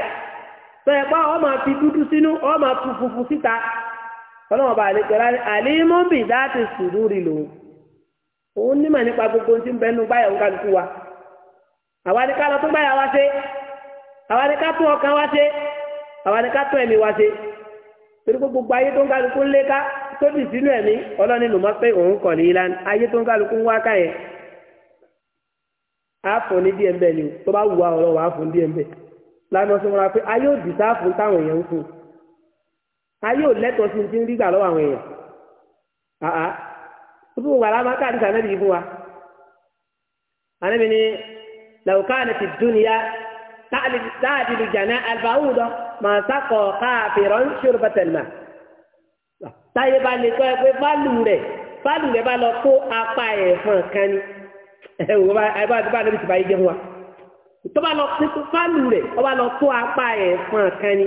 sọ̀rọ̀ pa ọ máa fi dúdú sínú ọ máa fi funfun síta ọlọ́wọ́ bá rí pẹ̀lú àlímọ́bì láti sùúrù rí gbogbo tí ń bẹ́ẹ̀ ń wa àwa ni ká lọ tó wá ṣe àwa ni ká tún ọkàn wá ṣe gbogbo ayé tó ń kálukú ń tó sínú ẹ̀mí ọlọ́ni ló máa pé òun kọ̀ ní ìlànà ayé tó ń kálukú ń wá fún ní díẹ̀ mbẹ́ ni o tó bá wù wá ọ̀rọ̀ wà á fún díẹ̀ mbẹ́ lánàá sọ wọn pé ayé ò fún táwọn èèyàn ń fún ayé ò sí ti ń rí gbà lọ́wọ́ àwọn èèyàn àá ó fún wàrà máa káàdì yìí fún wa ti táàdì lùjànà lọ màá táyé bá lè tọ́ ẹ pé fálù rẹ̀ fálù rẹ̀ bá lọ kó apá ẹ̀fọn kan ni ẹ wò bá ẹ bá bá níbi tí báyìí jẹun wa tó bá lọ kó fálù rẹ̀ ọ bá lọ kó apá ẹ̀fọn kan ni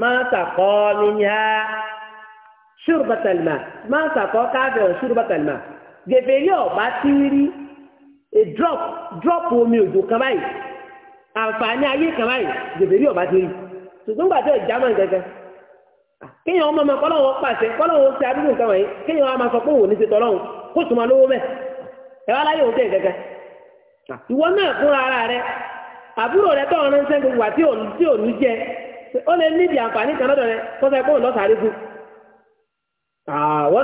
máa sàkọ́ mi ní a ṣùrù bàtàlìmà máa sàkọ́ káàbẹ̀ ọ̀ ṣùrù bàtàlìmà ọ̀bá tí rí a drop drop omi òjò kan báyìí àǹfààní ayé kan báyìí gèfèrè ọ̀bá tí rí ṣùgbọ́n gbàdúrà ìjà gẹ́gẹ́. kéèyàn ọmọ ọmọ kọ́lọ́wọ́ pàṣẹ kọ́lọ́wọ́ ṣe àdúgbò nǹkan wọ̀nyí kéèyàn ọmọ sọ pé òun ní ṣe tọ́lọ́hún kó sùnmọ́ lówó bẹ́ẹ̀ ẹ wá láyé òun tẹ̀ gẹ́gẹ́. ìwọ náà fúnra ara rẹ àbúrò rẹ ń sẹ́gun wà tí ní jẹ ó lè níbi àǹfààní kan lọ́dọ̀ rẹ fún. àwọn ah,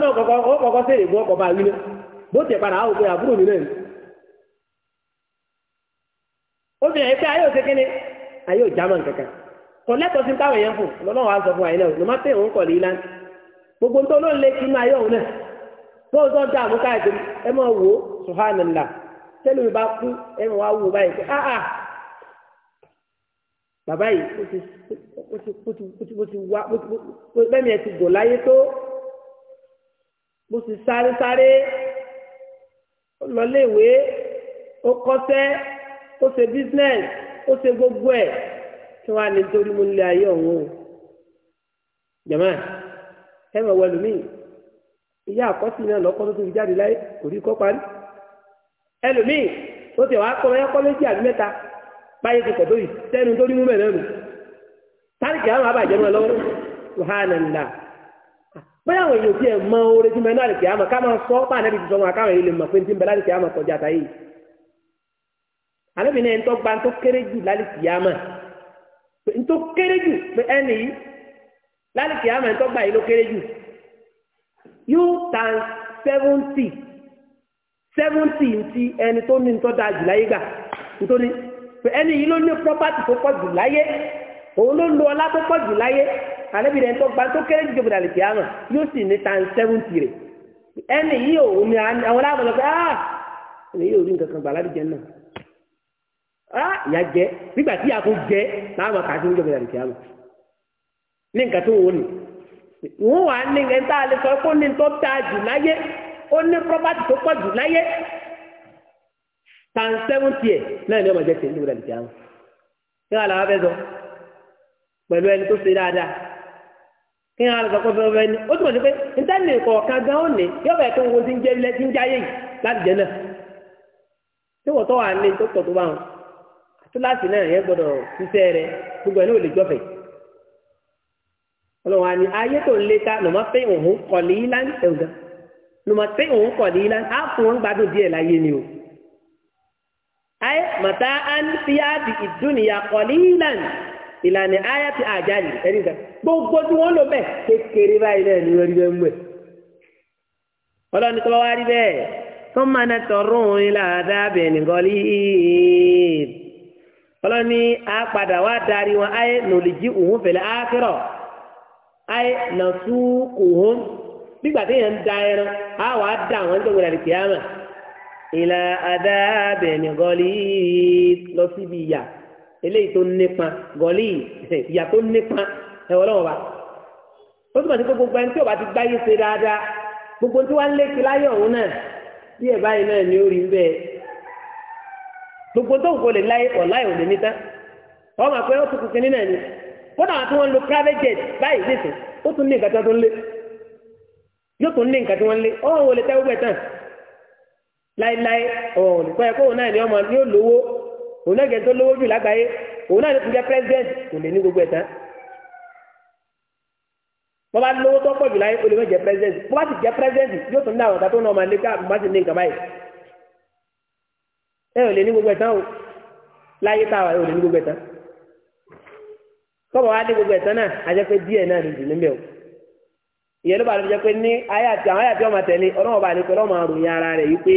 náà sèrè ọkọ̀ bá wí kò lẹ́tọ̀ọ́ sí táwọn èèyàn fò lọ́lọ́run wa sọ fún àyìnlẹ́ òun lọ́mọ́tẹ́ òun kọ̀ lé lánàá gbogbo ń tó ló ń lé kí máa yọ òun náà tó ń sọ́n dààmú káàkiri ẹ máa wò ó subhanallah tẹ́lẹ̀ mi bá kú ẹ máa wá wò báyìí pé ah ah bàbá yìí ó ti ó ti ó ti ó ti wá bẹ́ẹ̀ mi ẹ ti gò láyé tó mo sì sáré sáré ó lọ léèwé ó kọ́ṣẹ́ ó ṣe business ó ṣe gbogbo ẹ̀ kí wọ́n á lè torí mú nílé ayé ọ̀hún o jàmá ẹ mọ̀ wọ́n lómi ìyá àkọ́sí náà lọ́kọ́ tó ti jáde láyé kò rí kọ́ parí ẹlòmíì ó ti wá kọ́ ẹ kọ́ méjì àbí mẹ́ta báyé ti pọ̀ tó yìí sẹ́nu tó rí mú mẹ́rin nù táríkì àwọn abàjẹ́ mọ́ lọ́wọ́ wàhánàlá bóyá àwọn èèyàn tí ẹ mọ oore tí mẹ́rin àlèkè àmọ́ ká máa sọ bá ànábì ti sọ wọn àkáwọn lè mọ̀ pé ní ti ń bẹ lálèkè àmọ́ kọjá àtàyè àlébìnrin ẹni tó gba tó kéré jù lálèkè àmọ́ ntó kéré jù pé ẹnì yìí lálùkì àmọ́ ẹ̀ tọ́gbà yìí ló kéré jù yóò tan seventy seventy ntí ẹni tó ní ntọ́ da jù láyé gbà nítorí pé ẹnì yìí ló ní property tó pọ̀ jù láyé òun ló lo ọlá tó pọ̀ jù láyé àlébi rẹ̀ ntọ́ gba tó kéré jù jòbìdà lùkì àmọ́ yóò sì ní tan seventy rẹ̀ ẹnì yìí ò ní àwọn aláàbọ̀ lọ pé ah ẹnì yìí ò rí nǹkan kan gbà ládìjẹ́ náà ah ìyá jẹ nígbà tí àtún jẹ láwọn kàtí ń jọ gbẹdàdì kí á mọ ní nǹkan tó wò ní wọn wà ní nǹkan tá a lè sọ pé ó ní tó ta jù láyé ó ní property tó pọ̀ jù láyé tan seventy ẹ̀ náà ni ọmọ jẹ tèmi gbẹdàdì kí á mọ kí wọn làwọn fẹ́ sọ pẹ̀lú ẹni tó ṣe dáadáa kí wọn sọ fẹ́ fẹ́ ni ó túmọ̀ sí pé nítorí kọ̀ọ̀kan gan ó ní yóò bẹ̀ tó ń wo ti ń kíláàsì náà yẹn gbọdọ ṣiṣẹ́ rẹ gbogbo ẹ̀ náà lè àni ayé tó ń lé ká pé òun pé òun ni o. ayé màtá á fi áàbì ìdúnìyà kọ̀ ní ìlànà ayé ti àjà ẹni gbà gbogbo tí wọ́n lò kékeré báyìí náà ni rí mú tó wá rí tó máa tọrùn ọlọ́ni á padà wá darí wọn ayé nòlìjì òhun fẹ̀lẹ́ ákérò ayé nàṣú òhun nígbà tí yẹn ń da ẹran á wà á dà wọn nítorí ìdàrí kìámà ìlà àdábẹ̀ẹ̀nì gọ́lì lọ síbi ìyà eléyìí tó nípa gọ́lì ìyà tó nípa ẹ̀wọ̀n lọ́wọ́ wa ó túmọ̀ sí gbogbo ẹni tí ó bá ti gbáyé ṣe dáadáa gbogbo tí wọ́n á lékè láyé ọ̀hún náà bí ẹ̀ báyìí náà ni ó rí bẹ́ẹ̀ gbogbo tó ń kó lè láyé ọ̀láyé ò lè ní tán wọ́n máa pẹ́ wọ́n tún kùkì nínú ẹ̀ni kódà àwọn tí wọ́n lo private jet báyìí nìsín ó tún ní nǹkan tí wọ́n tún lé yóò tún ní nǹkan tí wọ́n lé ọ̀hún ò lè tẹ́ gbogbo ẹ̀ tán láéláé ọ̀hún nípa ẹ̀kọ́ òun náà ni ọmọ yóò lówó òun náà gẹ̀ẹ́sọ́ lówó jù lágbàáyé òun náà ló tún jẹ́ president kò lè ní gbogbo ẹ̀ tán wọ́n bá lówó tó pọ̀ jù láyé olè mẹ́jẹ president wọ́n bá ti jẹ́ president yóò tún ní àwọn ọ̀tá tó náà máa lé ká ẹ ò lè ní gbogbo ẹ̀tàn o láyé táwa ẹ ò lè ní gbogbo ẹ̀tàn kọ́bọ̀ wa ní gbogbo ẹ̀tàn náà a jẹ́ pé díẹ̀ náà ní jù níbẹ̀ o ìyẹn ló bá lọ́ọ́ jẹ́ pé ní ayé àti àwọn ayé àti ọmọ tẹ̀lé ọlọ́wọ́ bá nìkan lọ́wọ́ máa ròyìn ara rẹ̀ yìí pé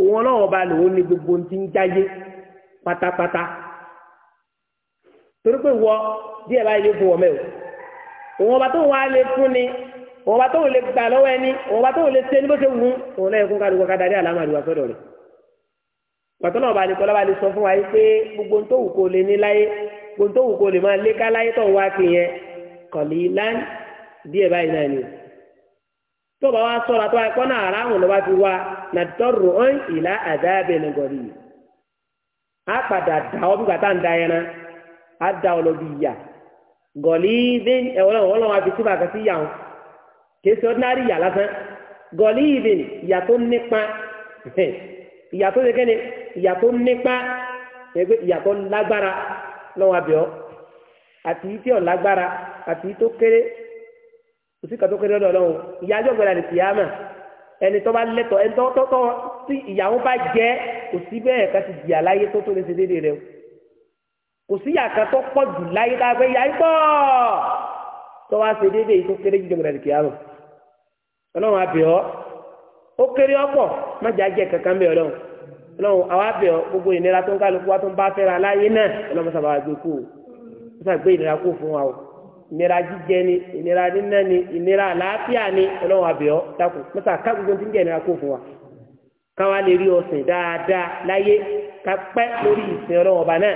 òun ọlọ́wọ́ bá lòun ní gbogbo ti ń jáyé pátápátá torí pé wọ díẹ̀ báyìí ló fún wọ mẹ́wò òun ọba tó wà lè fún ni òun ọba tó lè gbà lọ́wọ́ ẹni òun ọba tó lè ṣe ní bó ṣe wù ú òun náà yẹ kó ká lóko ká darí àlámà àdúrà sọ́dọ̀ rẹ̀. pàtọ́nà ọba àlekọ́ lọ́ba àlè sọ fún gbogbo tó wù kó lè ní láyé gbogbo tó wù kó lè máa léka láyé tó wá yẹn díẹ̀ báyìí náà ni tó bá wa sọ̀rọ̀ àtọ́ ẹ̀kọ́ náà fi wa nà tọ́rù ọ̀n ìlà àdáàbẹ̀ nìgọ̀rì a padà dà ọ́ bí da yẹn náà á dà ọ́ lọ bí wa fi yà ìyà tó ṣe kẹ́ni ìyà tó nípa ẹgbẹ́ ìyà tó lágbára lọ́wọ́ abẹ́ọ́ àti tí ò lágbára àti tó kéré òsì kan tó kéré lọ́dọ̀ lọ́wọ́ ìyà ajọ́ gbẹ̀rẹ̀ àti ìyàmà ẹni tó bá lẹ́tọ̀ ẹni tó tọ́ tí ìyàwó bá jẹ́ òsì bẹ́ẹ̀ ká ti jìyà láyé tó tó lè ṣe déédéé rẹ o kò sí ìyà tó pọ̀ jù láyé tá a fẹ́ yà pọ̀ tó wá ṣe déédéé tó kéré jù gbẹ̀rẹ̀ àti ìyàmà ọlọ́run abẹ́ọ́ ó kéré má kankan àwa gbogbo ìnira tó ń kálukú wa tó ń bá láyé náà sábà o sábà gbé ìnira kú fún wa o ìnira jíjẹ ni ìnira níná ni ìnira àlàáfíà ni ọlọ́wọ́ àbẹ̀ ọ́ dákun mọ́tà ká gbogbo ti ń jẹ́ ìnira kú fún wa káwa lè rí ọ̀sìn dáadáa láyé ká pẹ́ lórí ìsìn ọba náà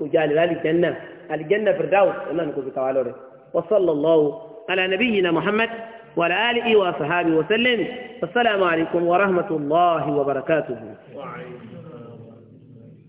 وجعل ذلك جنة الجنة فردوس الله نكون في وصلى الله على نبينا محمد وعلى آله وصحابه وسلم والسلام عليكم ورحمة الله وبركاته وعليكم.